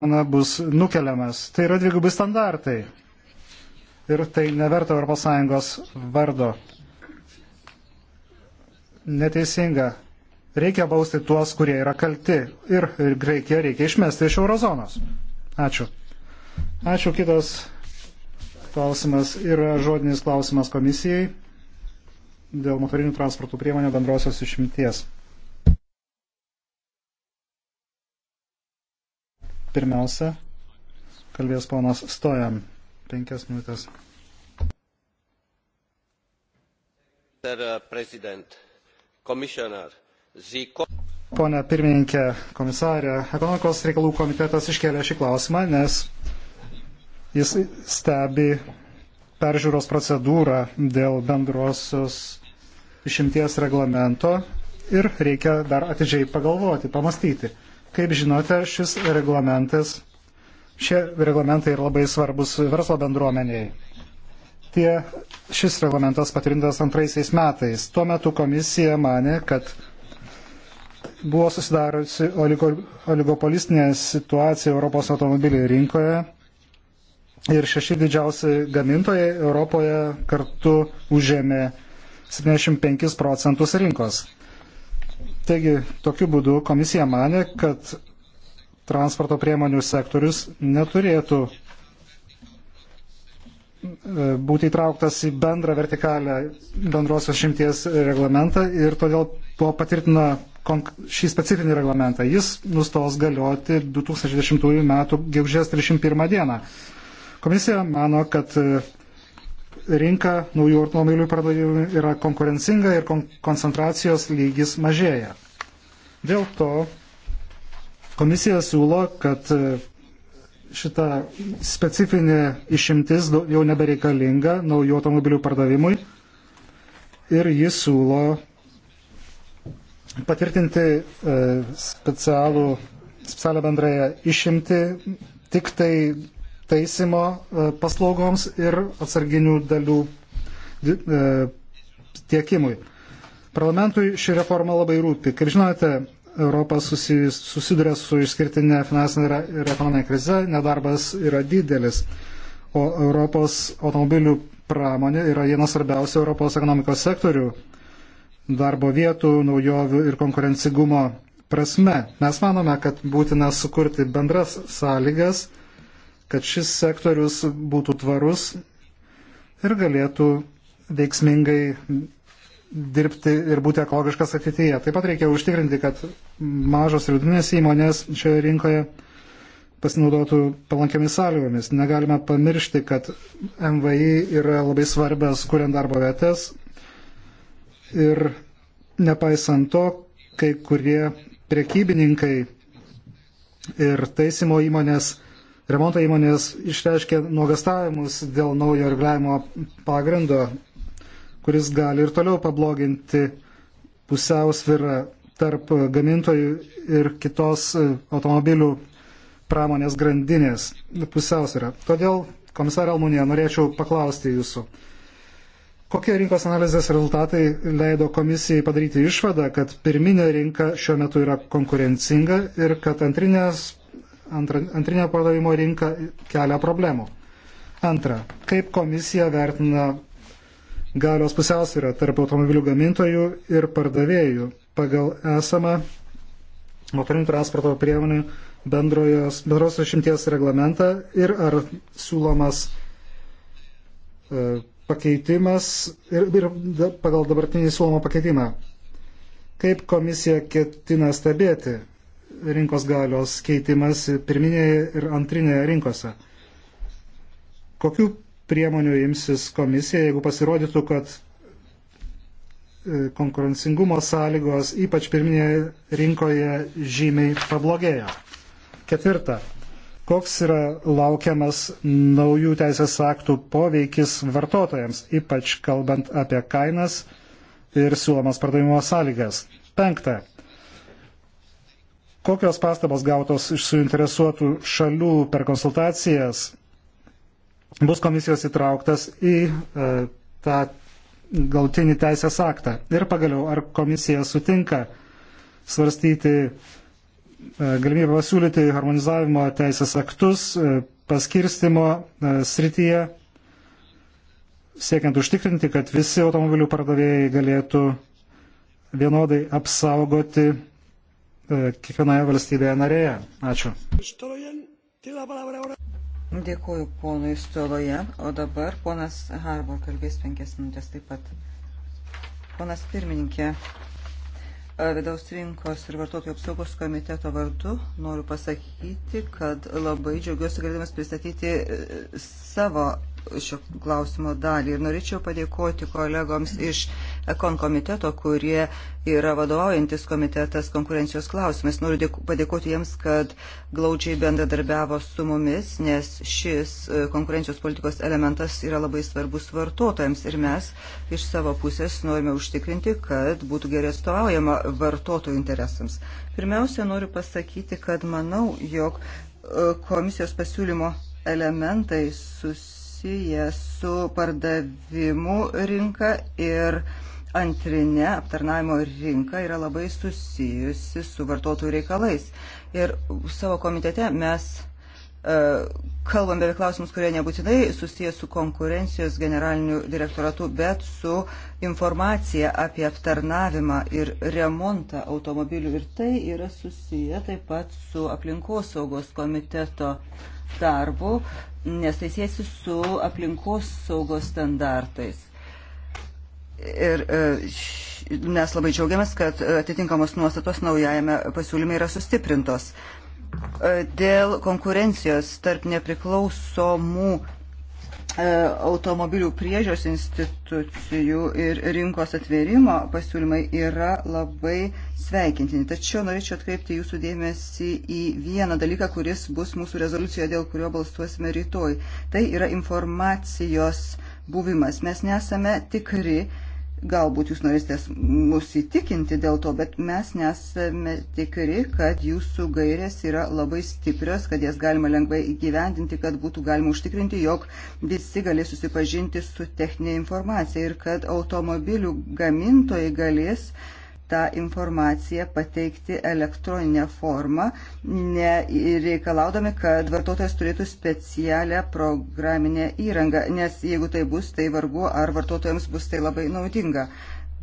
na, bus nukeliamas. Tai yra dvigubi standartai. Ir tai neverta ES vardo. Neteisinga. Reikia bausti tuos, kurie yra kalti. Ir, ir Graikiją reikia išmesti iš eurozonos. Ačiū. Ačiū. Kitas klausimas yra žodinis klausimas komisijai dėl motorinių transportų priemonių bendrosios išimties. Pirmiausia, kalbės ponas Stojan. Penkias minutės. Uh, Pone pirmininkė, komisarė, ekonomikos reikalų komitetas iškėlė šį klausimą, nes jis stebi peržiūros procedūrą dėl bendrosios išimties reglamento ir reikia dar atidžiai pagalvoti, pamastyti. Kaip žinote, šis reglamentas, šie reglamentai yra labai svarbus verslo bendruomeniai. Tie, šis reglamentas patvirtintas antraisiais metais. Tuo metu komisija mane, kad buvo susidariusi oligopolistinė situacija Europos automobilių rinkoje ir šeši didžiausi gamintojai Europoje kartu užėmė 75 procentus rinkos. Taigi, tokiu būdu komisija mane, kad transporto priemonių sektorius neturėtų e, būti įtrauktas į bendrą vertikalę bendrosios šimties reglamentą ir todėl tuo patvirtina šį specifinį reglamentą. Jis nustos galioti 2010 m. gegužės 31 d. Komisija mano, kad e, rinka naujų automobilių pardavimų yra konkurencinga ir kon koncentracijos lygis mažėja. Dėl to komisija siūlo, kad e, šita specifinė išimtis jau nebereikalinga naujų automobilių pardavimui ir jis siūlo patvirtinti e, specialų, specialią bendrąją išimti tik tai taisimo e, paslaugoms ir atsarginių dalių e, tiekimui. Parlamentui ši reforma labai rūpi. Kaip žinote, Europa susiduria su išskirtinė finansinė ir ekonominė krize, nedarbas yra didelis, o Europos automobilių pramonė yra vienas svarbiausių Europos ekonomikos sektorių darbo vietų, naujovių ir konkurencigumo prasme. Mes manome, kad būtina sukurti bendras sąlygas kad šis sektorius būtų tvarus ir galėtų veiksmingai dirbti ir būti ekologiškas ateityje. Taip pat reikia užtikrinti, kad mažos ir vidutinės įmonės šioje rinkoje pasinaudotų palankiamis sąlygomis. Negalime pamiršti, kad MVI yra labai svarbios, kuriant darbo vietas. Ir nepaisant to, kai kurie prekybininkai ir taisymo įmonės Remonto įmonės išreiškė nuogastavimus dėl naujo reguliavimo pagrindo, kuris gali ir toliau pabloginti pusiausvirą tarp gamintojų ir kitos automobilių pramonės grandinės pusiausvyrą. Todėl, komisarė Almunė, norėčiau paklausti jūsų. Kokie rinkos analizės rezultatai leido komisijai padaryti išvadą, kad pirminė rinka šiuo metu yra konkurencinga ir kad antrinės antrinio pardavimo rinka kelia problemų. Antra, kaip komisija vertina galios pusiausvyrą tarp automobilių gamintojų ir pardavėjų pagal esamą motorinių transporto priemonių bendrojos, bendros išimties reglamentą ir ar siūlomas e, pakeitimas ir, ir pagal dabartinį siūlomą pakeitimą. Kaip komisija ketina stebėti rinkos galios keitimas pirminėje ir antrinėje rinkose. Kokių priemonių imsis komisija, jeigu pasirodytų, kad e, konkurencingumo sąlygos ypač pirminėje rinkoje žymiai pablogėjo? Ketvirta. Koks yra laukiamas naujų teisės aktų poveikis vartotojams, ypač kalbant apie kainas ir siūlomas pardavimo sąlygas? Penkta Kokios pastabos gautos iš suinteresuotų šalių per konsultacijas bus komisijos įtrauktas į e, tą galtinį teisės aktą. Ir pagaliau, ar komisija sutinka svarstyti e, galimybę pasiūlyti harmonizavimo teisės aktus e, paskirstimo e, srityje, siekiant užtikrinti, kad visi automobilių pardavėjai galėtų vienodai apsaugoti E, kiekvienoje valstybėje narėje. Ačiū. Dėkuoju ponui Stoloje, o dabar ponas Harbour kalbės penkias minutės taip pat. Ponas pirmininkė, e, Vidaus rinkos ir vartotojų apsaugos komiteto vardu noriu pasakyti, kad labai džiaugiuosi galėdamas pristatyti e, savo šio klausimo dalį. Ir norėčiau padėkoti kolegoms iš Ekon komiteto, kurie yra vadovaujantis komitetas konkurencijos klausimais. Noriu padėkoti jiems, kad glaudžiai bendradarbiavo su mumis, nes šis e, konkurencijos politikos elementas yra labai svarbus vartotojams. Ir mes iš savo pusės norime užtikrinti, kad būtų gerai atstovaujama vartotojų interesams. Pirmiausia, noriu pasakyti, kad manau, jog e, komisijos pasiūlymo elementai susiję susijęs su pardavimų rinka ir antrinė aptarnavimo rinka yra labai susijusi su vartotojų reikalais. Ir savo komitete mes e, kalbam beveik klausimus, kurie nebūtinai susijęs su konkurencijos generaliniu direktoratu, bet su informacija apie aptarnavimą ir remontą automobilių. Ir tai yra susiję taip pat su aplinkosaugos komiteto darbu nes tai siesi su aplinkos saugos standartais. Ir e, mes labai džiaugiamės, kad atitinkamos nuostatos naujajame pasiūlyme yra sustiprintos. E, dėl konkurencijos tarp nepriklausomų E, automobilių priežios institucijų ir rinkos atvėrimo pasiūlymai yra labai sveikintini. Tačiau norėčiau atkreipti jūsų dėmesį į vieną dalyką, kuris bus mūsų rezoliucijoje, dėl kurio balsuosime rytoj. Tai yra informacijos buvimas. Mes nesame tikri, Galbūt jūs norėsite mus įtikinti dėl to, bet mes nesame tikri, kad jūsų gairės yra labai stiprios, kad jas galima lengvai įgyvendinti, kad būtų galima užtikrinti, jog visi galės susipažinti su techninė informacija ir kad automobilių gamintojai galės uh, tą informaciją pateikti elektroninę formą, reikalaudami, kad vartotojas turėtų specialią programinę įrangą, nes jeigu tai bus, tai vargu, ar vartotojams bus tai labai naudinga.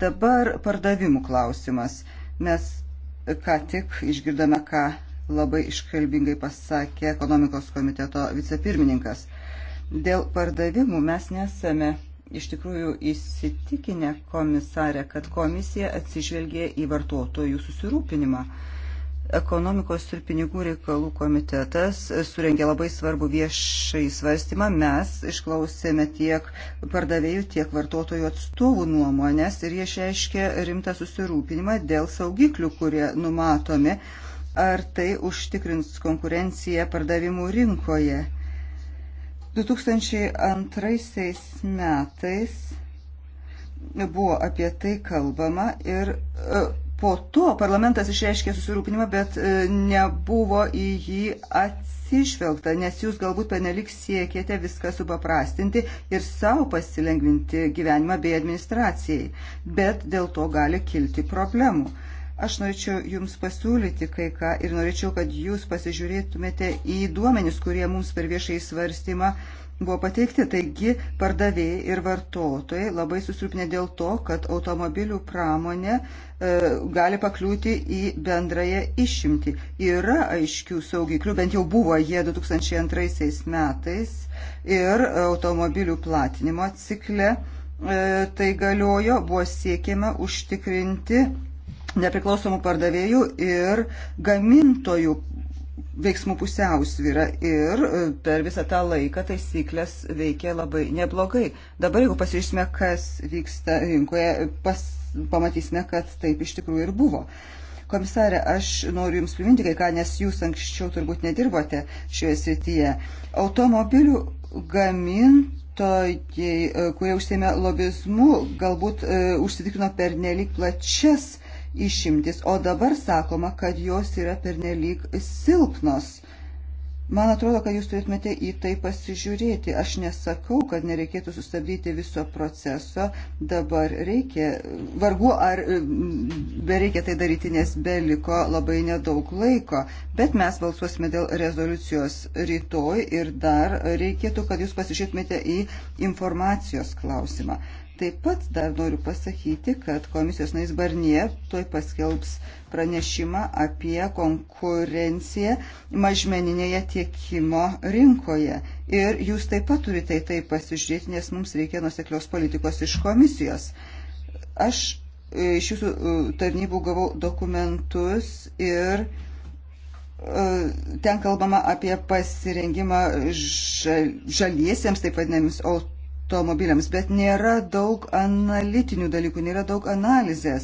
Dabar pardavimų klausimas. Mes ką tik išgirdome, ką labai iškalbingai pasakė ekonomikos komiteto vicepirmininkas. Dėl pardavimų mes nesame iš tikrųjų įsitikinę komisarę, kad komisija atsižvelgė į vartotojų susirūpinimą. Ekonomikos ir pinigų reikalų komitetas surengė labai svarbu viešai svarstymą. Mes išklausėme tiek pardavėjų, tiek vartotojų atstovų nuomonės ir jie išreiškė rimtą susirūpinimą dėl saugiklių, kurie numatomi. Ar tai užtikrins konkurenciją pardavimų rinkoje? 2002 metais buvo apie tai kalbama ir e, po to parlamentas išreiškė susirūpinimą, bet e, nebuvo į jį atsižvelgta, nes jūs galbūt penelik siekėte viską supaprastinti ir savo pasilengvinti gyvenimą bei administracijai, bet dėl to gali kilti problemų. Aš norėčiau Jums pasiūlyti kai ką ir norėčiau, kad Jūs pasižiūrėtumėte į duomenis, kurie mums per viešai svarstymą buvo pateikti. Taigi, pardavėjai ir vartotojai labai susirūpinę dėl to, kad automobilių pramonė e, gali pakliūti į bendrąją išimtį. Yra aiškių saugiklių, bent jau buvo jie 2002 metais ir automobilių platinimo cikle. E, tai galiojo, buvo siekiama užtikrinti nepriklausomų pardavėjų ir gamintojų veiksmų pusiausvyrą ir e, per visą tą laiką taisyklės veikia labai neblogai. Dabar, jeigu pasižiūrėsime, kas vyksta rinkoje, pas, pamatysime, kad taip iš tikrųjų ir buvo. Komisarė, aš noriu Jums priminti kai ką, nes Jūs anksčiau turbūt nedirbote šioje srityje. Automobilių gamintojai, e, kurie užsėmė lobizmu, galbūt e, užsitikrino per nelik plačias išimtis, o dabar sakoma, kad jos yra pernelyg silpnos. Man atrodo, kad jūs turėtumėte į tai pasižiūrėti. Aš nesakau, kad nereikėtų sustabdyti viso proceso. Dabar reikia, vargu ar mm, bereikia tai daryti, nes beliko labai nedaug laiko. Bet mes balsuosime dėl rezoliucijos rytoj ir dar reikėtų, kad jūs pasižiūrėtumėte į informacijos klausimą. Taip pat dar noriu pasakyti, kad komisijos nais Barnie tuoj paskelbs pranešimą apie konkurenciją mažmeninėje tiekimo rinkoje. Ir jūs taip pat turite į tai pasižiūrėti, nes mums reikia nuseklios politikos iš komisijos. Aš e, iš jūsų e, tarnybų gavau dokumentus ir e, ten kalbama apie pasirengimą žaliesiems, taip vadinamiems automobiliams, bet nėra daug analitinių dalykų, nėra daug analizės.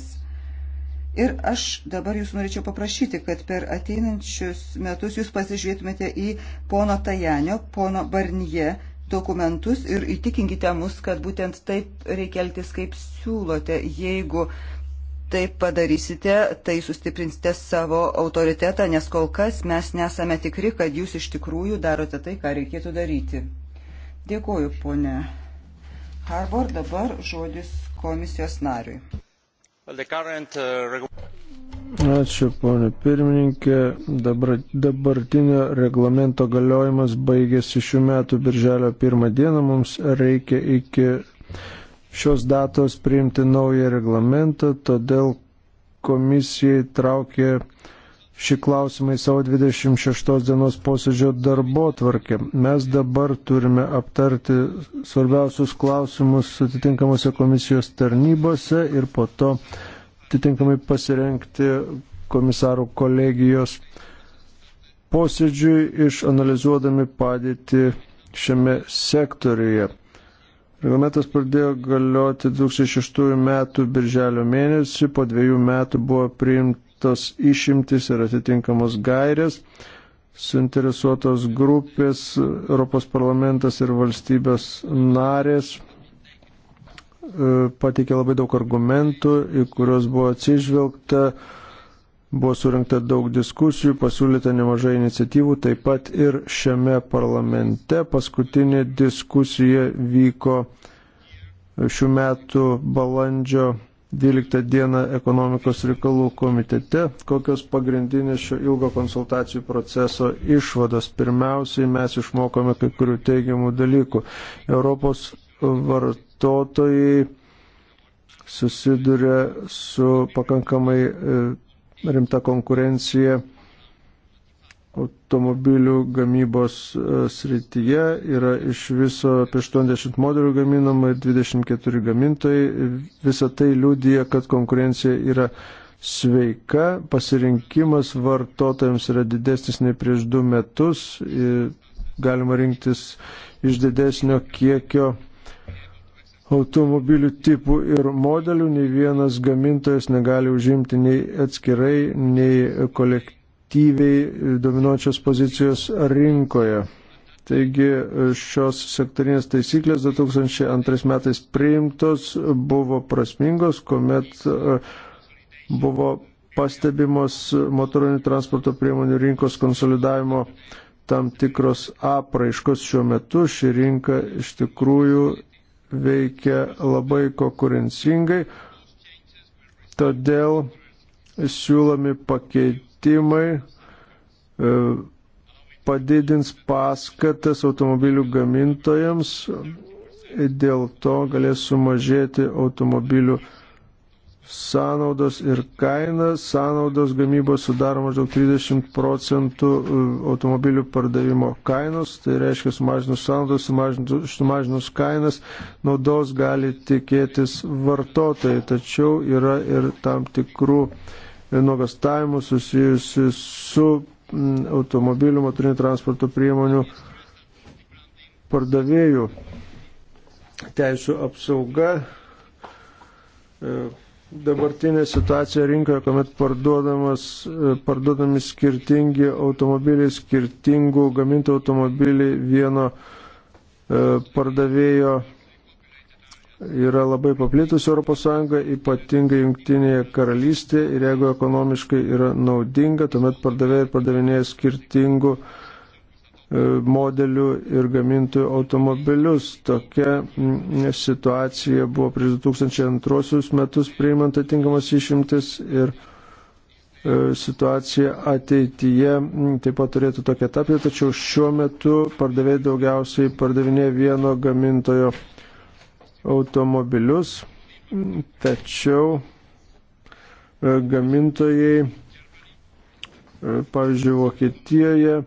Ir aš dabar jūs norėčiau paprašyti, kad per ateinančius metus jūs pasižiūrėtumėte į pono Tajanio, pono Barnie dokumentus ir įtikinkite mus, kad būtent taip reikia elgtis, kaip siūlote. Jeigu taip padarysite, tai sustiprinsite savo autoritetą, nes kol kas mes nesame tikri, kad jūs iš tikrųjų darote tai, ką reikėtų daryti. Dėkuoju, ponė Harbor. Dabar žodis komisijos nariui. Uh, Ačiū, ponė pirmininkė. Dabar, dabartinio reglamento galiojimas baigėsi šių metų birželio pirmą dieną. Mums reikia iki šios datos priimti naują reglamentą, todėl komisijai traukė šį klausimą į savo 26 dienos posėdžio darbo tvarkę. Mes dabar turime aptarti svarbiausius klausimus atitinkamose komisijos tarnybose ir po to atitinkamai pasirenkti komisarų kolegijos posėdžiui išanalizuodami padėtį šiame sektoriuje. Reglamentas pradėjo galioti 2006 metų birželio mėnesį, po dviejų metų buvo priimta tos išimtis ir atitinkamos gairės. Suinteresuotos grupės, Europos parlamentas ir valstybės narės e, pateikė labai daug argumentų, į kuriuos buvo atsižvelgta, buvo surinkta daug diskusijų, pasiūlyta nemažai iniciatyvų, taip pat ir šiame parlamente. Paskutinė diskusija vyko šių metų balandžio 12 dieną ekonomikos reikalų komitete. Kokios pagrindinės šio ilgo konsultacijų proceso išvados? Pirmiausiai mes išmokome kai kurių teigiamų dalykų. Europos vartotojai susiduria su pakankamai e, rimta konkurencija automobilių gamybos e, srityje yra iš viso apie 80 modelių gaminama ir 24 gamintojai. Visą tai liūdija, kad konkurencija yra sveika, pasirinkimas vartotojams yra didesnis nei prieš du metus, galima rinktis iš didesnio kiekio automobilių tipų ir modelių, nei vienas gamintojas negali užimti nei atskirai, nei kolektyviai aktyviai dominuojančios pozicijos rinkoje. Taigi šios sektorinės taisyklės 2002 metais priimtos buvo prasmingos, kuomet e, buvo pastebimos motorinių transporto priemonių rinkos konsolidavimo tam tikros apraiškos šiuo metu. Ši rinka iš tikrųjų veikia labai konkurencingai, todėl siūlomi pakeitimai pakeitimai e, padidins paskatas automobilių gamintojams, dėl to galės sumažėti automobilių sąnaudos ir kaina. Sąnaudos gamybos sudaro maždaug 30 procentų e, automobilių pardavimo kainos, tai reiškia sumažinus sąnaudos, sumažinus, sumažinus kainas, naudos gali tikėtis vartotojai, tačiau yra ir tam tikrų uh, nuogastavimų susijusi su mm, automobilių motorinių transporto priemonių pardavėjų teisų apsauga. E, dabartinė situacija rinkoje, kuomet e, parduodami skirtingi automobiliai, skirtingų gamintų automobiliai vieno e, pardavėjo yra labai paplitusi ES, ypatingai jungtinėje karalystėje ir jeigu ekonomiškai yra naudinga, tuomet pardavėjai ir pardavinėja skirtingų e, modelių ir gamintojų automobilius. Tokia situacija buvo prieš 2002 metus priimant atitinkamas išimtis ir e, situacija ateityje taip pat turėtų tokia tapti, tačiau šiuo metu pardavėjai daugiausiai pardavinė vieno gamintojo automobilius, tačiau e, gamintojai, e, pavyzdžiui, Vokietijoje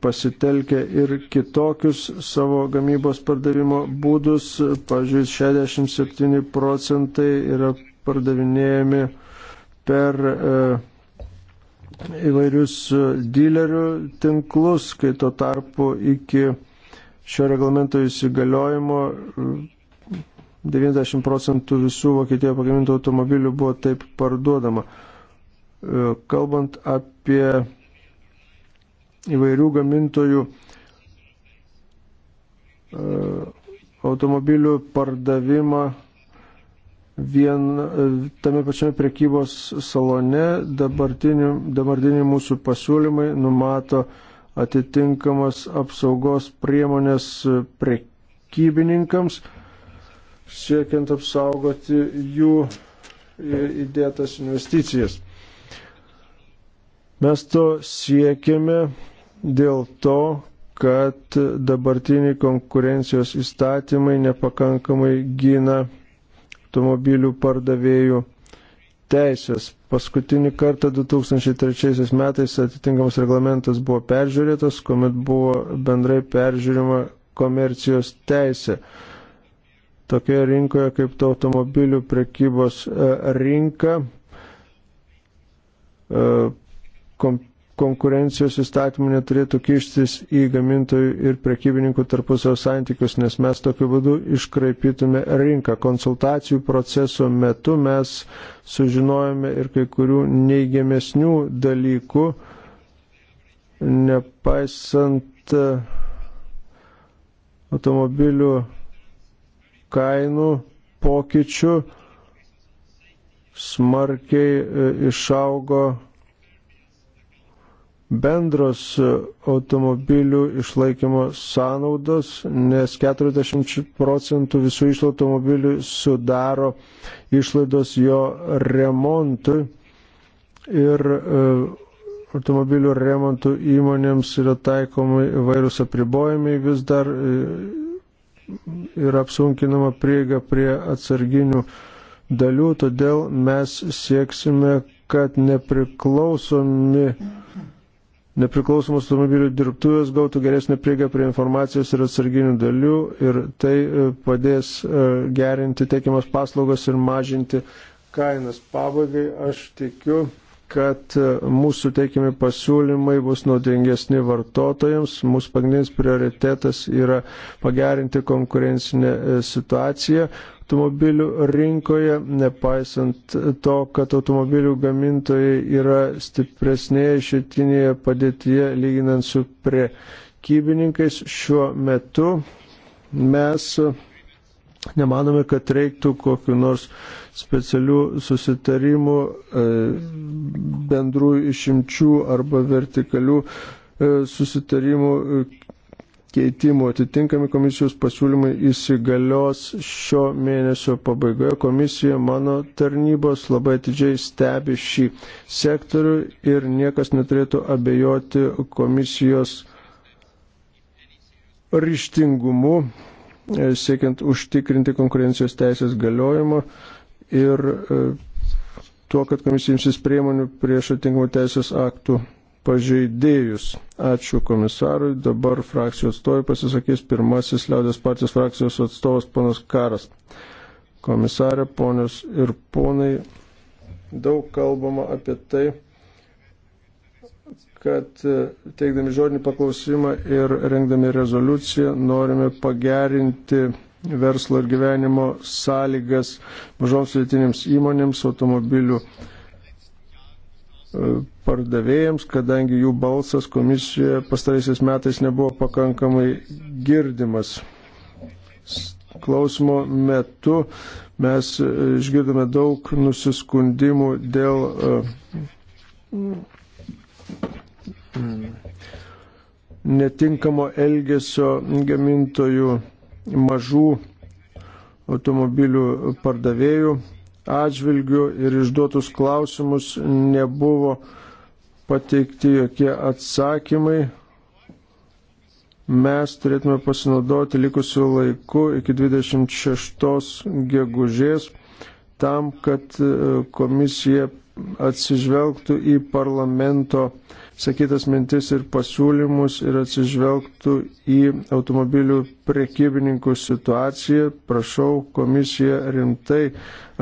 pasitelkia ir kitokius savo gamybos pardavimo būdus. Pavyzdžiui, 67 procentai yra pardavinėjami per e, įvairius dilerių tinklus, kai tuo tarpu iki šio reglamento įsigaliojimo 90 procentų visų Vokietijoje pagamintų automobilių buvo taip parduodama. E, kalbant apie įvairių gamintojų e, automobilių pardavimą vien e, tame pačiame prekybos salone dabartiniai mūsų pasiūlymai numato uh, atitinkamas apsaugos priemonės prekybininkams, siekiant apsaugoti jų įdėtas investicijas. Mes to siekiame dėl to, kad dabartiniai konkurencijos įstatymai nepakankamai gina automobilių pardavėjų teisės. Paskutinį kartą 2003 metais atitinkamas reglamentas buvo peržiūrėtas, kuomet buvo bendrai peržiūrima komercijos teisė. Tokioje rinkoje kaip to automobilių prekybos e, rinka, e, kom, konkurencijos įstatymų neturėtų kištis į gamintojų ir prekybininkų tarpusio santykius, nes mes tokiu būdu iškraipytume rinką. Konsultacijų proceso metu mes sužinojome ir kai kurių neigiamesnių dalykų, nepaisant e, automobilių kainų pokyčių smarkiai e, išaugo bendros automobilių išlaikymo sąnaudos, nes 40 procentų visų išlaidų automobilių sudaro išlaidos jo remontui ir e, automobilių remontų įmonėms yra taikomi vairūs apribojimai vis dar ir e, apsunkinama prieiga prie atsarginių dalių, todėl mes sieksime, kad nepriklausomi nepriklausomos automobilių dirbtuvės gautų geresnę prieigą prie informacijos ir atsarginių dalių ir tai e, padės e, gerinti teikiamas paslaugas ir mažinti kainas. Pabaigai aš tikiu, kad e, mūsų teikiami pasiūlymai bus naudingesni vartotojams. Mūsų pagrindinis prioritetas yra pagerinti konkurencinę situaciją, automobilių rinkoje, nepaisant to, kad automobilių gamintojai yra stipresnėje šitinėje padėtyje lyginant su prekybininkais šiuo metu. Mes nemanome, kad reiktų kokiu nors specialių susitarimų, e, bendrų išimčių arba vertikalių e, susitarimų keitimų. Atitinkami komisijos pasiūlymai įsigalios šio mėnesio pabaigoje. Komisija mano tarnybos labai atidžiai stebi šį sektorių ir niekas neturėtų abejoti komisijos ryštingumu, e, siekiant užtikrinti konkurencijos teisės galiojimo ir e, tuo, kad komisija imsis priemonių prieš atitinkamų teisės aktų pažeidėjus. Ačiū komisarui. Dabar frakcijos atstovai pasisakys pirmasis liaudės partijos frakcijos atstovas ponas Karas. Komisarė, ponios ir ponai, daug kalbama apie tai, kad e, teikdami žodinį paklausimą ir rengdami rezoliuciją norime pagerinti verslo ir gyvenimo sąlygas mažoms vietinėms įmonėms, automobilių E, pardavėjams, kadangi jų balsas komisijoje pastaraisiais metais nebuvo pakankamai girdimas. Klausimo metu mes išgirdome daug nusiskundimų dėl e, netinkamo elgesio gamintojų mažų automobilių pardavėjų atžvilgių ir išduotus klausimus nebuvo pateikti jokie atsakymai. Mes turėtume pasinaudoti likusiu laiku iki 26 gegužės tam, kad e, komisija atsižvelgtų į parlamento uh, sakytas mintis ir pasiūlymus ir atsižvelgtų į automobilių prekybininkų situaciją. Prašau komisiją rimtai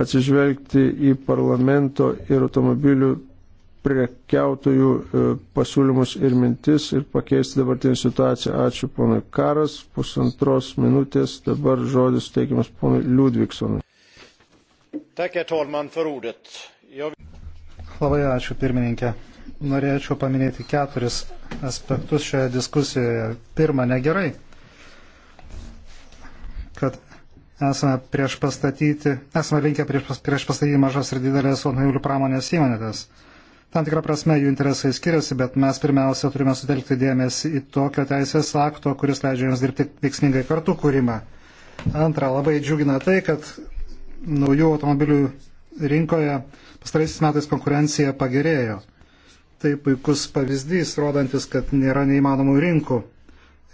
atsižvelgti į parlamento ir automobilių prekiautojų e, pasiūlymus ir mintis ir pakeisti dabartinį situaciją. Ačiū ponui Karas. Pusantros minutės dabar žodis teikiamas ponui Liudviksonui. Herr talman, för ordet. Labai ačiū pirmininkė norėčiau paminėti keturis aspektus šioje diskusijoje. Pirma, negerai, kad esame prieš pastatyti, esame linkę prieš, prieš pastatyti mažas ir didelės automobilių pramonės įmonės. Tam tikrą prasme jų interesai skiriasi, bet mes pirmiausia turime sutelkti dėmesį į tokio teisės akto, kuris leidžia jiems dirbti veiksmingai kartu kūrimą. Antra, labai džiugina tai, kad naujų automobilių rinkoje pastaraisiais metais konkurencija pagerėjo tai puikus pavyzdys, rodantis, kad nėra neįmanomų rinkų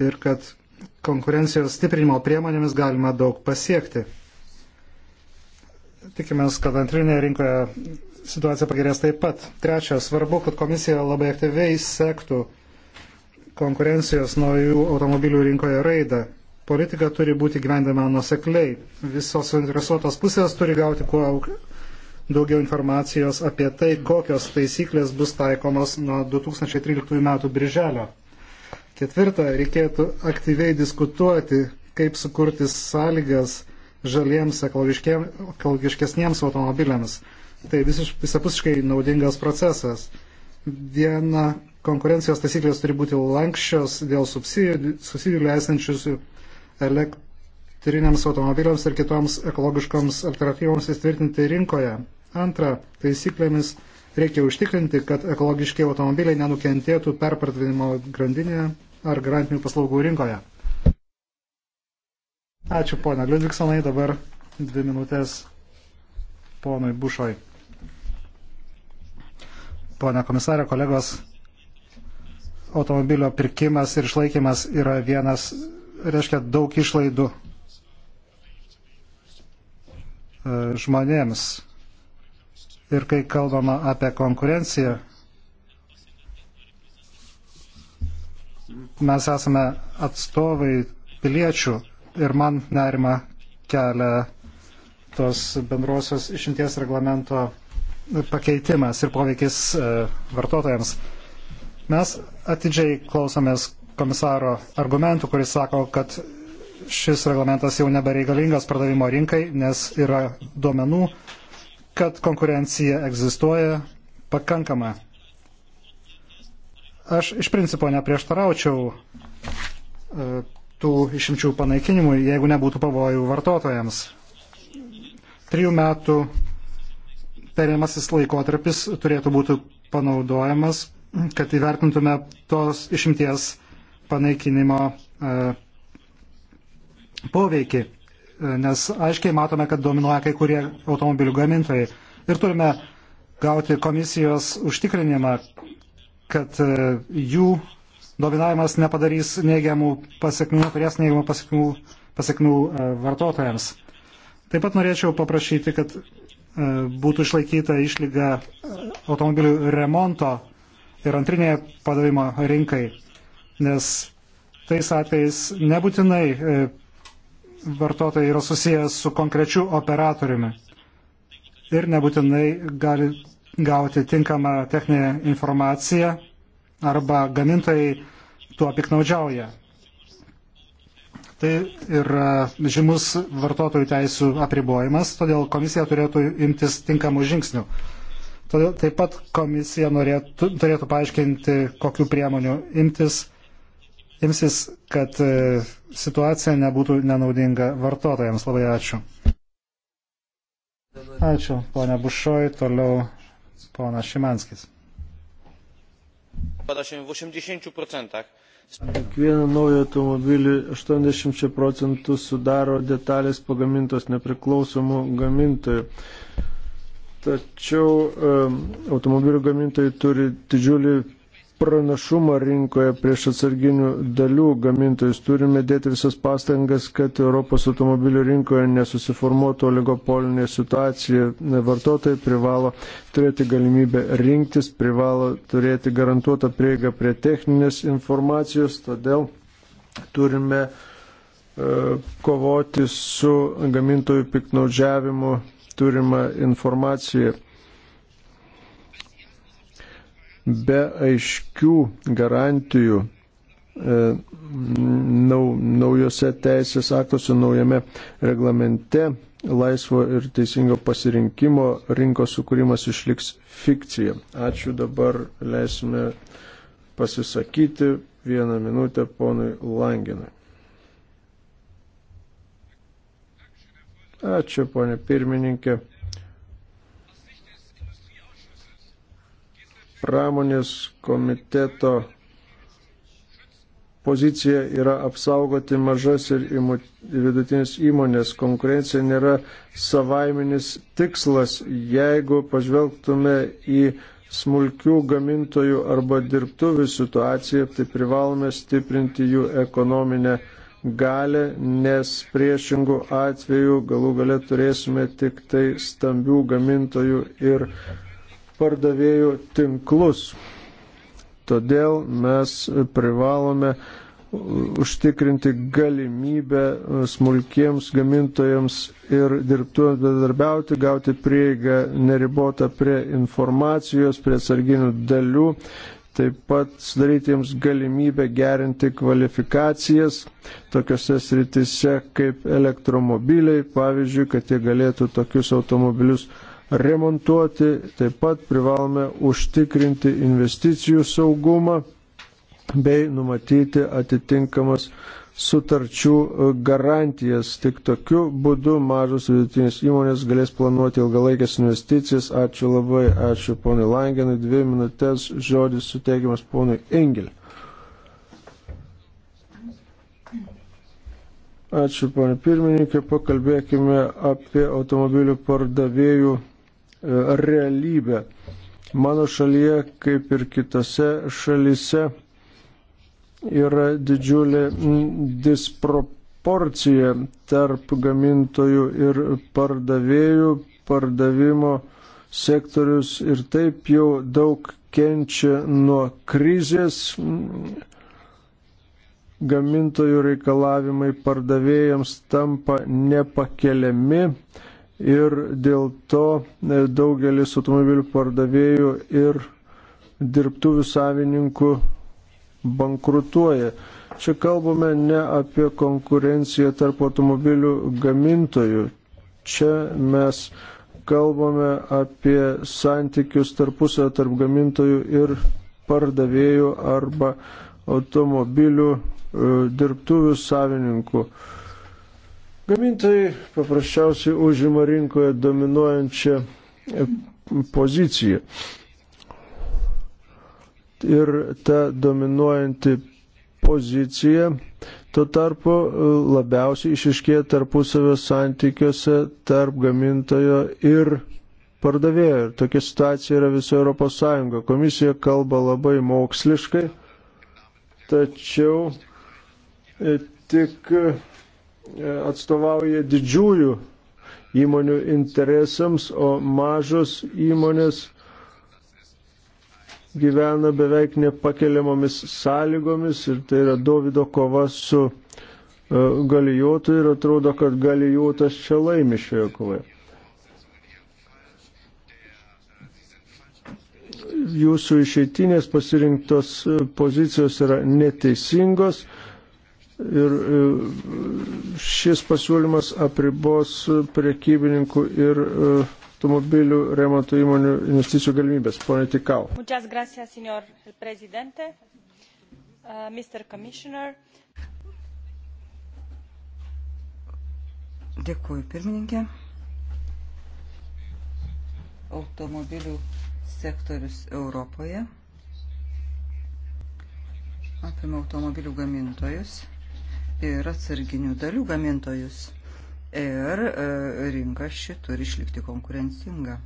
ir kad konkurencijos stiprinimo priemonėmis galima daug pasiekti. Tikimės, kad antrinėje rinkoje situacija pagerės taip pat. Trečia, svarbu, kad komisija labai aktyviai sektų konkurencijos naujų automobilių rinkoje raidą. Politika turi būti gyvendama nusekliai. Visos suinteresuotos pusės turi gauti kuo daugiau informacijos apie tai, kokios taisyklės bus taikomos nuo 2013 metų birželio. Ketvirta, reikėtų aktyviai diskutuoti, kaip sukurti sąlygas žaliems ekologiškesniems automobiliams. Tai visiš, visapusiškai naudingas procesas. Viena konkurencijos taisyklės turi būti lankščios dėl subsidijų, subsidijų leisančius elektriniams automobiliams ir kitoms ekologiškoms alternatyvoms įtvirtinti rinkoje. Antra, taisyklėmis reikia užtikrinti, kad ekologiški automobiliai nenukentėtų perpardavimo grandinėje ar garantinių paslaugų rinkoje. Ačiū ponia Liudviksonai, dabar dvi minutės ponui Bušoj. Pone komisarė, kolegos, automobilio pirkimas ir išlaikymas yra vienas, reiškia, daug išlaidų e, žmonėms Ir kai kalbama apie konkurenciją, mes esame atstovai piliečių ir man nerima kelia tos bendrosios išimties reglamento pakeitimas ir poveikis e, vartotojams. Mes atidžiai klausomės komisaro argumentų, kuris sako, kad šis reglamentas jau nebereikalingas pardavimo rinkai, nes yra duomenų kad konkurencija egzistuoja pakankama. Aš iš principo neprieštaraučiau e, tų išimčių panaikinimui, jeigu nebūtų pavojų vartotojams. Trijų metų perėmasis laikotarpis turėtų būti panaudojamas, kad įvertintume tos išimties panaikinimo e, poveikį nes aiškiai matome, kad dominuoja kai kurie automobilių gamintojai. Ir turime gauti komisijos užtikrinimą, kad e, jų dominavimas nepadarys neigiamų pasiekmių, turės neigiamų pasiekmių, pasiekmių e, vartotojams. Taip pat norėčiau paprašyti, kad e, būtų išlaikyta išlyga automobilių remonto ir antrinėje padavimo rinkai, nes tais atvejais nebūtinai vartotojai yra susijęs su konkrečiu operatoriumi ir nebūtinai gali gauti tinkamą techninę informaciją arba gamintojai tuo piknaudžiauja. Tai yra žymus vartotojų teisų apribojimas, todėl komisija turėtų imtis tinkamų žingsnių. Todėl taip pat komisija norėtų, turėtų paaiškinti, kokiu priemoniu imtis, imsis, kad e, situacija nebūtų nenaudinga vartotojams. Labai ačiū. Ačiū, ponia Bušoj, toliau pona Šimanskis. Kiekvieną naują automobilį 80 procentų sudaro detalės pagamintos nepriklausomų gamintojų. Tačiau automobilių gamintojai turi didžiulį pranašumą rinkoje prieš atsarginių dalių gamintojus. Turime dėti visas pastangas, kad Europos automobilių rinkoje nesusiformuotų oligopolinė situacija. Vartotojai privalo turėti galimybę rinktis, privalo turėti garantuotą prieigą prie techninės informacijos, todėl turime e, kovoti su gamintojų piknaudžiavimu turimą informaciją be aiškių garantijų e, nau, naujose teisės aktuose, naujame reglamente laisvo ir teisingo pasirinkimo rinkos sukūrimas išliks fikcija. Ačiū dabar leisime pasisakyti vieną minutę ponui Langinui. Ačiū, ponė pirmininkė. pramonės komiteto pozicija yra apsaugoti mažas ir vidutinės įmonės. Konkurencija nėra savaiminis tikslas. Jeigu pažvelgtume į smulkių gamintojų arba dirbtuvių situaciją, tai privalome stiprinti jų ekonominę galę, nes priešingų atvejų galų gale turėsime tik tai stambių gamintojų ir pardavėjų tinklus. Todėl mes privalome užtikrinti galimybę smulkiems gamintojams ir dirbtuvėms bedarbiauti, gauti prieigą neribotą prie informacijos, prie sarginių dalių, taip pat sudaryti jiems galimybę gerinti kvalifikacijas tokiuose sritise kaip elektromobiliai, pavyzdžiui, kad jie galėtų tokius automobilius remontuoti. Taip pat privalome užtikrinti investicijų saugumą bei numatyti atitinkamas sutarčių garantijas. Tik tokiu būdu mažos vidutinės įmonės galės planuoti ilgalaikės investicijas. Ačiū labai, ačiū ponui Langenui. Dvi minutės žodis suteikiamas ponui Engel. Ačiū, ponė pirmininkė. Pakalbėkime apie automobilių pardavėjų realybę. Mano šalyje, kaip ir kitose šalyse, yra didžiulė disproporcija tarp gamintojų ir pardavėjų pardavimo sektorius ir taip jau daug kenčia nuo krizės, gamintojų reikalavimai pardavėjams tampa nepakeliami, ir dėl to e, daugelis automobilių pardavėjų ir dirbtuvių savininkų bankrutuoja. Čia kalbame ne apie konkurenciją tarp automobilių gamintojų. Čia mes kalbame apie santykius tarpusio tarp gamintojų ir pardavėjų arba automobilių e, dirbtuvių savininkų. Gamintojai paprasčiausiai užima rinkoje dominuojančią e, poziciją. Ir ta dominuojanti pozicija tuo tarpu e, labiausiai išiškėja tarpusavio santykiuose tarp gamintojo ir pardavėjo. Ir tokia situacija yra viso Europos Sąjunga. Komisija kalba labai moksliškai, tačiau e, tik E, atstovauja didžiųjų įmonių interesams, o mažos įmonės gyvena beveik nepakeliamomis sąlygomis ir tai yra Davido kova su e, galijotu ir atrodo, kad galijotas čia laimi šioje kovoje. Jūsų išeitinės pasirinktos pozicijos yra neteisingos Ir e, šis pasiūlymas apribos priekybininkų ir e, automobilių remonto įmonių investicijų galimybės. Pone Tikau. Gracias, uh, Dėkuoju, pirmininkė. Automobilių sektorius Europoje apima automobilių gamintojus ir atsarginių dalių gamintojus. Ir e, rinka ši turi išlikti konkurencinga.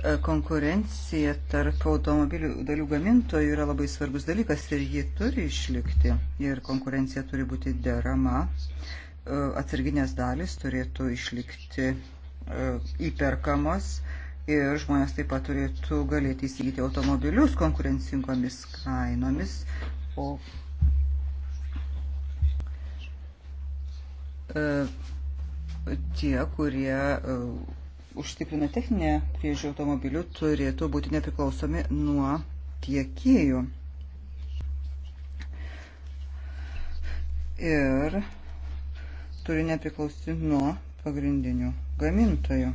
E, konkurencija tarp automobilių dalių gamintojų yra labai svarbus dalykas ir ji turi išlikti. Ir konkurencija turi būti derama. E, atsarginės dalis turėtų išlikti įperkamos ir žmonės taip pat turėtų galėti įsigyti automobilius konkurencingomis kainomis, O e, tie, kurie e, užtikrina techninę priežiūrą automobilių, turėtų būti nepriklausomi nuo tiekėjų. ir turi nepriklausyti nuo pagrindinių gamintojų.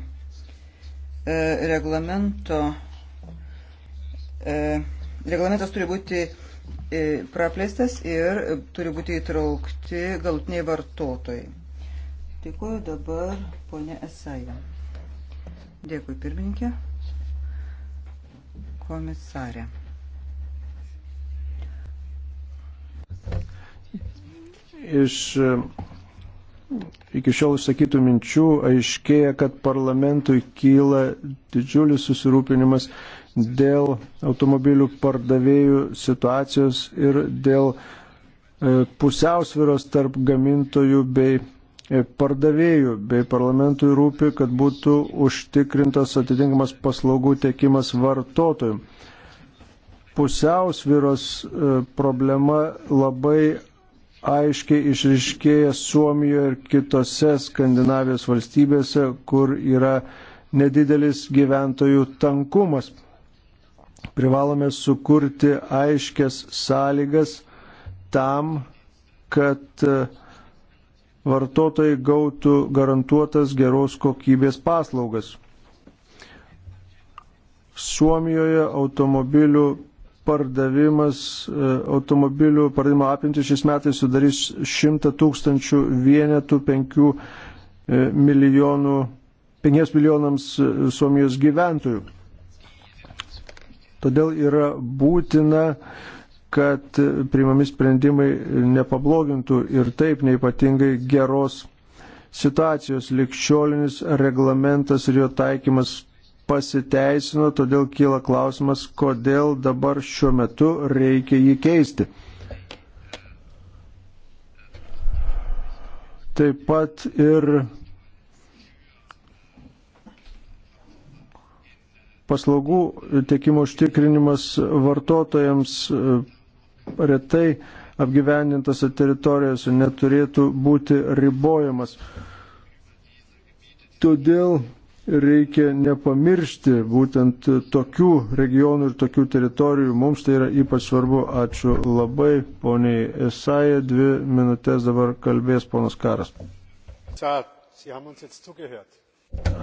E, reglamento, e, reglamentas turi būti E, praplėstas ir turi būti įtraukti galutiniai vartotojai. Dėkuoju dabar ponė Esaja. Dėkui pirmininkė. Komisarė. Iš e, iki šiol išsakytų minčių aiškėja, kad parlamentui kyla didžiulis susirūpinimas dėl automobilių pardavėjų situacijos ir dėl e, pusiausviros tarp gamintojų bei e, pardavėjų, bei parlamentui rūpi, kad būtų užtikrintas atitinkamas paslaugų tiekimas vartotojų. Pusiausviros e, problema labai aiškiai išriškėja Suomijoje ir kitose Skandinavijos valstybėse, kur yra nedidelis gyventojų tankumas privalome sukurti aiškias sąlygas tam, kad e, vartotojai gautų garantuotas geros kokybės paslaugas. Suomijoje automobilių pardavimas, e, automobilių pardavimo apimtis šiais metais sudarys 100 tūkstančių vienetų 5 e, milijonų, 5 milijonams Suomijos gyventojų. Todėl yra būtina, kad priimami sprendimai nepablogintų ir taip neipatingai geros situacijos. Likščiolinis reglamentas ir jo taikymas pasiteisino, todėl kyla klausimas, kodėl dabar šiuo metu reikia jį keisti. Taip pat ir Paslaugų tiekimo užtikrinimas vartotojams e, retai apgyvendintose teritorijose neturėtų būti ribojamas. Todėl reikia nepamiršti būtent tokių regionų ir tokių teritorijų. Mums tai yra ypač svarbu. Ačiū labai, poniai Esaja. Dvi minutės dabar kalbės ponas Karas.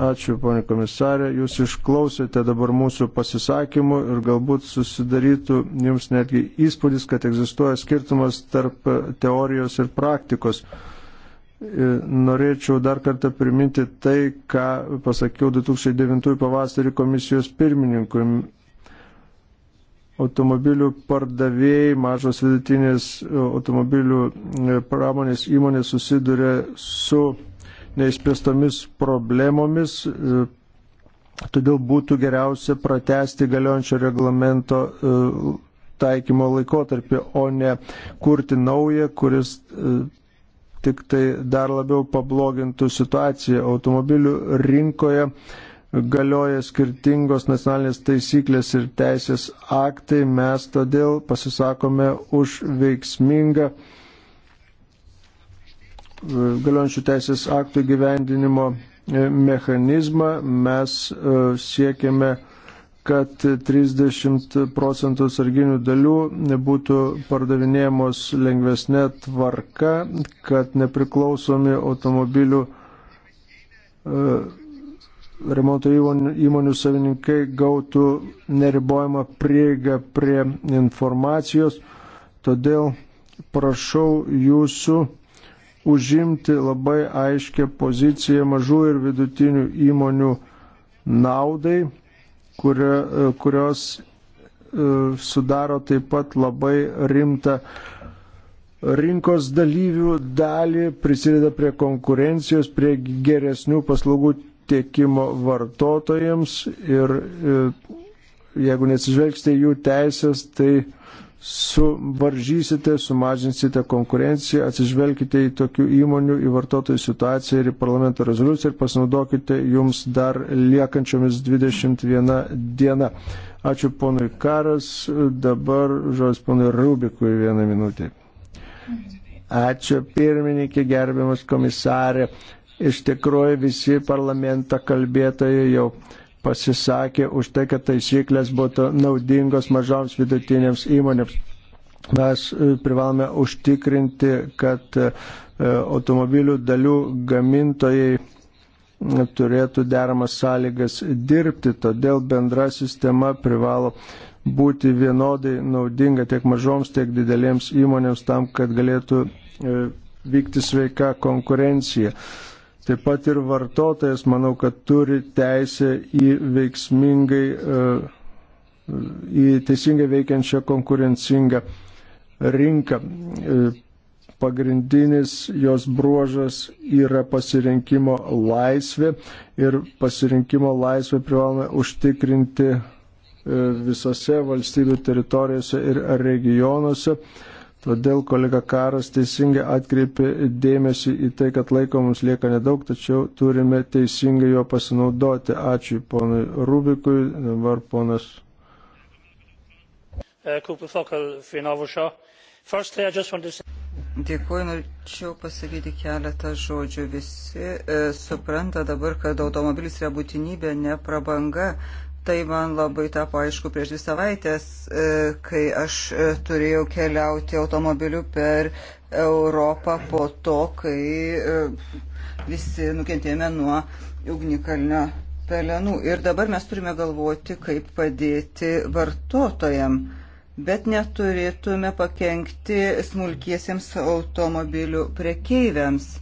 Ačiū, ponė komisarė. Jūs išklausėte dabar mūsų pasisakymų ir galbūt susidarytų jums netgi įspūdis, kad egzistuoja skirtumas tarp teorijos ir praktikos. E, norėčiau dar kartą priminti tai, ką pasakiau 2009 pavasarį komisijos pirmininkui automobilių pardavėjai, mažos vidutinės automobilių e, pramonės įmonės susiduria su neįspręstomis problemomis, e, todėl būtų geriausia pratesti galiojančio reglamento e, taikymo laikotarpį, o ne kurti naują, kuris e, tik tai dar labiau pablogintų situaciją automobilių rinkoje. Galioja skirtingos nacionalinės taisyklės ir teisės aktai, mes todėl pasisakome už veiksmingą uh, galiojančių teisės aktų gyvendinimo e, mechanizmą mes e, siekiame, kad 30 procentų sarginių dalių būtų pardavinėjamos lengvesnė tvarka, kad nepriklausomi automobilių e, remonto įmonių, įmonių savininkai gautų neribojama prieiga prie informacijos. Todėl prašau jūsų užimti labai aiškę poziciją mažų ir vidutinių įmonių naudai, kurio, e, kurios e, sudaro taip pat labai rimtą rinkos dalyvių dalį, prisideda prie konkurencijos, prie geresnių paslaugų tiekimo vartotojams ir e, jeigu nesižvelgsite jų teisės, tai suvaržysite, sumažinsite konkurenciją, atsižvelkite į tokių įmonių, į vartotojų situaciją ir į parlamento rezoliuciją ir pasinaudokite jums dar liekančiomis 21 diena. Ačiū ponui Karas, dabar žodis ponui Rubikui vieną minutę. Ačiū pirmininkė, gerbiamas komisarė. Iš tikrųjų visi parlamento kalbėtojai jau pasisakė už tai, kad taisyklės būtų naudingos mažoms vidutinėms įmonėms. Mes e, privalome užtikrinti, kad e, automobilių dalių gamintojai e, turėtų deramas sąlygas dirbti, todėl bendra sistema privalo būti vienodai naudinga tiek mažoms, tiek didelėms įmonėms tam, kad galėtų vykti sveika konkurencija. Taip pat ir vartotojas, manau, kad turi teisę į veiksmingai, e, į teisingai veikiančią konkurencingą rinką. E, pagrindinis jos bruožas yra pasirinkimo laisvė ir pasirinkimo laisvę privalome užtikrinti e, visose valstybių teritorijose ir regionuose Todėl kolega Karas teisingai atkreipė dėmesį į tai, kad laiko mums lieka nedaug, tačiau turime teisingai jo pasinaudoti. Ačiū ponui Rubikui, dabar ponas. Eh, Dėkuoju, norėčiau pasakyti keletą žodžių. Visi e, supranta dabar, kad automobilis yra būtinybė, ne prabanga. Tai man labai tapo aišku prieš dvi savaitės, e, kai aš e, turėjau keliauti automobiliu per Europą po to, kai e, visi nukentėjome nuo ugnikalnio pelenų. Ir dabar mes turime galvoti, kaip padėti vartotojam, bet neturėtume pakengti smulkiesiems automobilių prekeiviams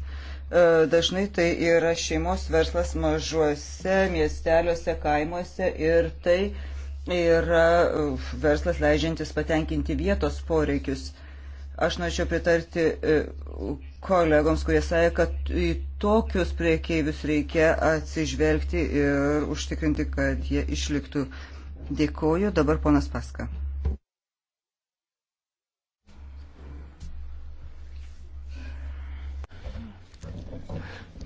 E, dažnai tai yra šeimos verslas mažuose miesteliuose, kaimuose ir tai yra e, verslas leidžiantis patenkinti vietos poreikius. Aš norėčiau pritarti e, kolegoms, kurie sąja, kad į tokius priekeivius reikia atsižvelgti ir užtikrinti, kad jie išliktų. Dėkoju, dabar ponas Paska.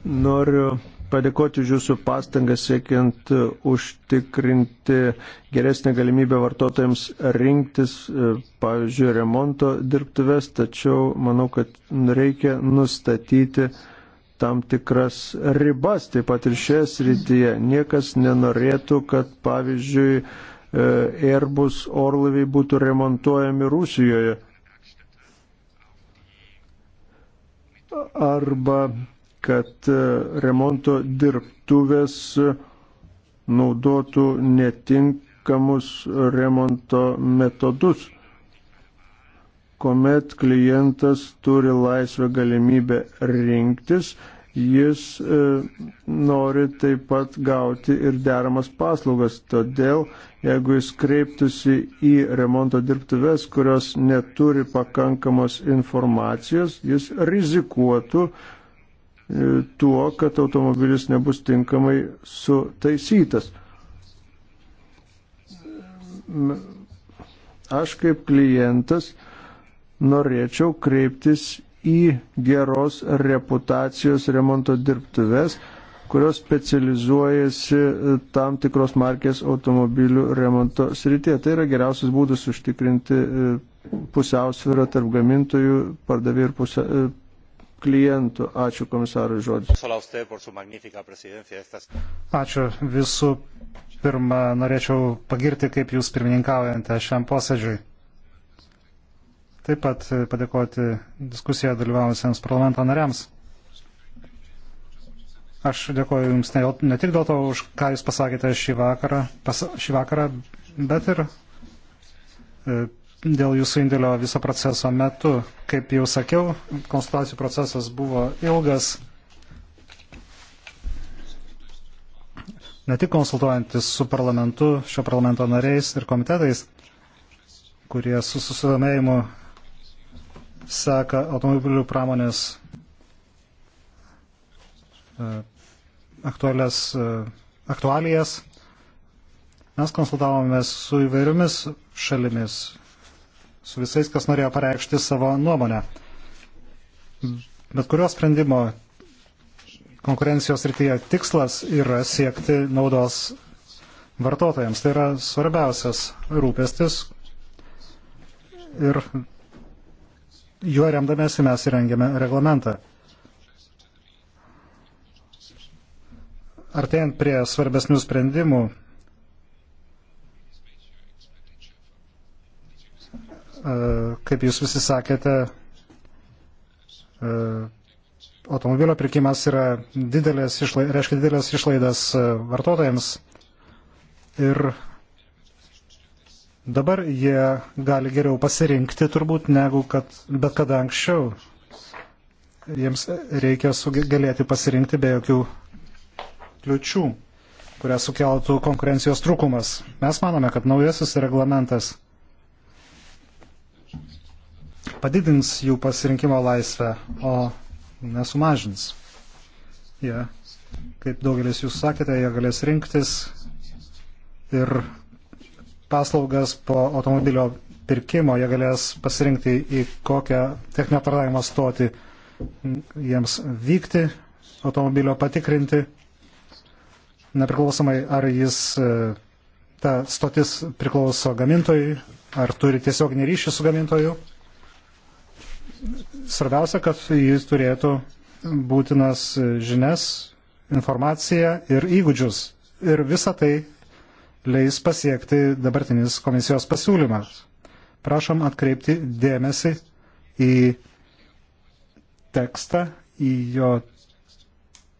Noriu padėkoti už jūsų pastangą siekiant e, užtikrinti geresnę galimybę vartotojams rinktis, e, pavyzdžiui, remonto dirbtuves, tačiau manau, kad reikia nustatyti tam tikras ribas, taip pat ir šioje srityje. Niekas nenorėtų, kad, pavyzdžiui, e, Airbus orlaiviai būtų remontuojami Rusijoje. Arba kad e, remonto dirbtuvės naudotų netinkamus remonto metodus, kuomet klientas turi laisvę galimybę rinktis, jis e, nori taip pat gauti ir deramas paslaugas. Todėl, jeigu jis kreiptųsi į remonto dirbtuves, kurios neturi pakankamos informacijos, jis rizikuotų, E, tuo, kad automobilis nebus tinkamai sutaisytas. Aš kaip klientas norėčiau kreiptis į geros reputacijos remonto dirbtuves, kurios specializuojasi e, tam tikros markės automobilių remonto srityje. Tai yra geriausias būdas užtikrinti e, pusiausvyrą tarp gamintojų, pardavėjų ir pusiausvyrą klientų. Ačiū komisarui žodis. Ačiū visų. Pirma, norėčiau pagirti, kaip jūs pirmininkaujate šiam posėdžiui. Taip pat padėkoti diskusiją dalyvavusiems parlamento nariams. Aš dėkoju Jums ne, ne tik dėl to, už ką Jūs pasakėte šį vakarą, pas, šį vakarą bet ir e, dėl jūsų indėlio viso proceso metu. Kaip jau sakiau, konsultacijų procesas buvo ilgas. Ne tik konsultuojantis su parlamentu, šio parlamento nariais ir komitetais, kurie su susidomėjimu seka automobilių pramonės e, aktualias, e, aktualijas. Mes konsultavomės su įvairiomis šalimis, su visais, kas norėjo pareikšti savo nuomonę. Bet kurio sprendimo konkurencijos rytyje tikslas yra siekti naudos vartotojams. Tai yra svarbiausias rūpestis ir juo remdamėsi mes įrengėme reglamentą. Artėjant prie svarbesnių sprendimų, E, kaip jūs visi sakėte, e, automobilio pirkimas yra didelės, išlaidas, reiškia didelės išlaidas e, vartotojams ir dabar jie gali geriau pasirinkti turbūt negu kad bet kada anksčiau. Jiems reikia galėti pasirinkti be jokių kliučių, kurias sukeltų konkurencijos trūkumas. Mes manome, kad naujasis reglamentas padidins jų pasirinkimo laisvę, o nesumažins. Jie, ja, kaip daugelis jūs sakėte, jie galės rinktis ir paslaugas po automobilio pirkimo, jie galės pasirinkti į kokią techninio aptarnavimo stotį jiems vykti, automobilio patikrinti, nepriklausomai ar jis, e, ta stotis priklauso gamintojui, ar turi tiesioginį ryšį su gamintoju. Svarbiausia, kad jis turėtų būtinas žinias, informaciją ir įgūdžius. Ir visa tai leis pasiekti dabartinis komisijos pasiūlymas. Prašom atkreipti dėmesį į tekstą, į jo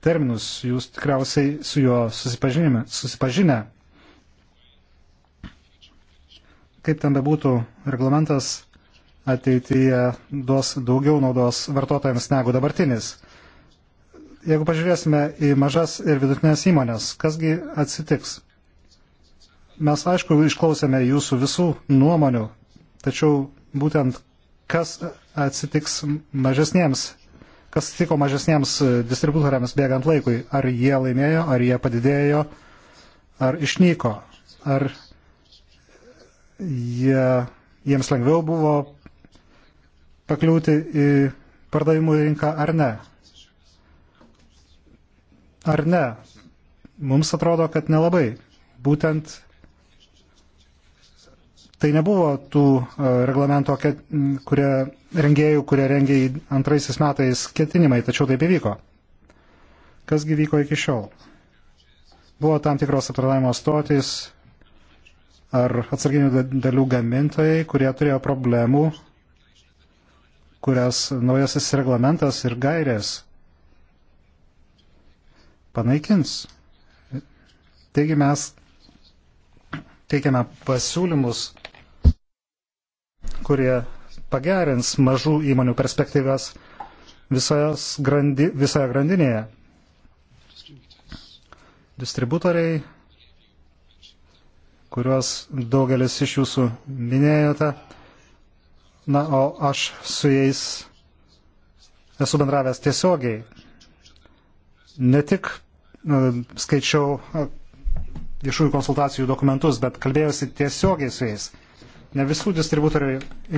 terminus. Jūs tikriausiai su juo susipažinę. Kaip ten bebūtų, reglamentas ateityje duos daugiau naudos vartotojams negu dabartinis. Jeigu pažiūrėsime į mažas ir vidutinės įmonės, kasgi atsitiks? Mes aišku išklausėme jūsų visų nuomonių, tačiau būtent kas atsitiks mažesniems, kas atsitiko mažesniems distributoriams bėgant laikui, ar jie laimėjo, ar jie padidėjo, ar išnyko, ar jie, jiems lengviau buvo pakliūti į pardavimų rinką ar ne. Ar ne? Mums atrodo, kad nelabai. Būtent tai nebuvo tų e, reglamento, kurie rengėjų, kurie rengė antraisiais metais ketinimai, tačiau taip įvyko. Kas gyvyko iki šiol? Buvo tam tikros aptarnavimo stotys ar atsarginių dalių gamintojai, kurie turėjo problemų kurias naujasis reglamentas ir gairės panaikins. Taigi mes teikiame pasiūlymus, kurie pagerins mažų įmonių perspektyvas grandi, visoje grandinėje. Distributoriai, kuriuos daugelis iš jūsų minėjote, Na, o aš su jais esu bendravęs tiesiogiai. Ne tik e, skaičiau e, viešųjų konsultacijų dokumentus, bet kalbėjusi tiesiogiai su jais. Ne visų distributorių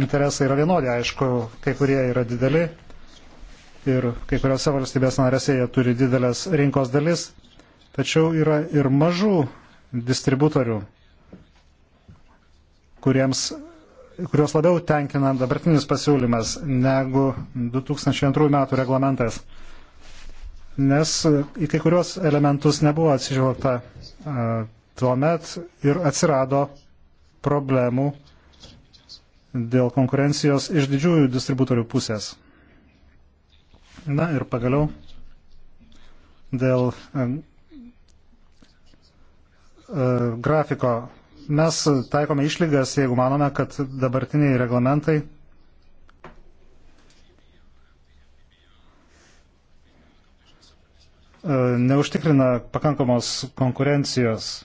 interesai yra vienodi, aišku, kai kurie yra dideli ir kai kuriuose valstybės narėse jie turi didelės rinkos dalis, tačiau yra ir mažų distributorių, kuriems kurios labiau tenkina dabartinis pasiūlymas negu 2002 metų reglamentas, nes e, į kai kurios elementus nebuvo atsižvelgta e, tuo met ir atsirado problemų dėl konkurencijos iš didžiųjų distributorių pusės. Na ir pagaliau dėl e, grafiko Mes taikome išlygas, jeigu manome, kad dabartiniai reglamentai e, neužtikrina pakankamos konkurencijos.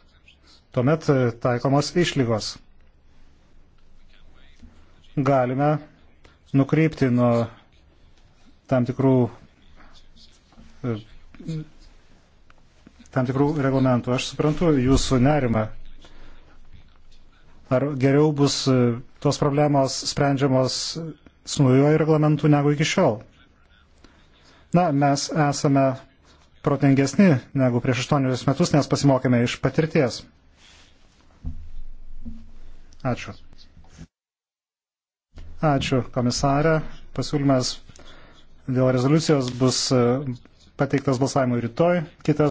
Tuomet e, taikomos išlygos. Galime nukreipti nuo tam tikrų, e, tam tikrų reglamentų. Aš suprantu jūsų nerimą Ar geriau bus e, tos problemos sprendžiamos su naujoju reglamentu negu iki šiol? Na, mes esame protingesni negu prieš 8 metus, nes pasimokėme iš patirties. Ačiū. Ačiū, komisarė. Pasiūlymas dėl rezoliucijos bus e, pateiktas balsavimui rytoj. Kitas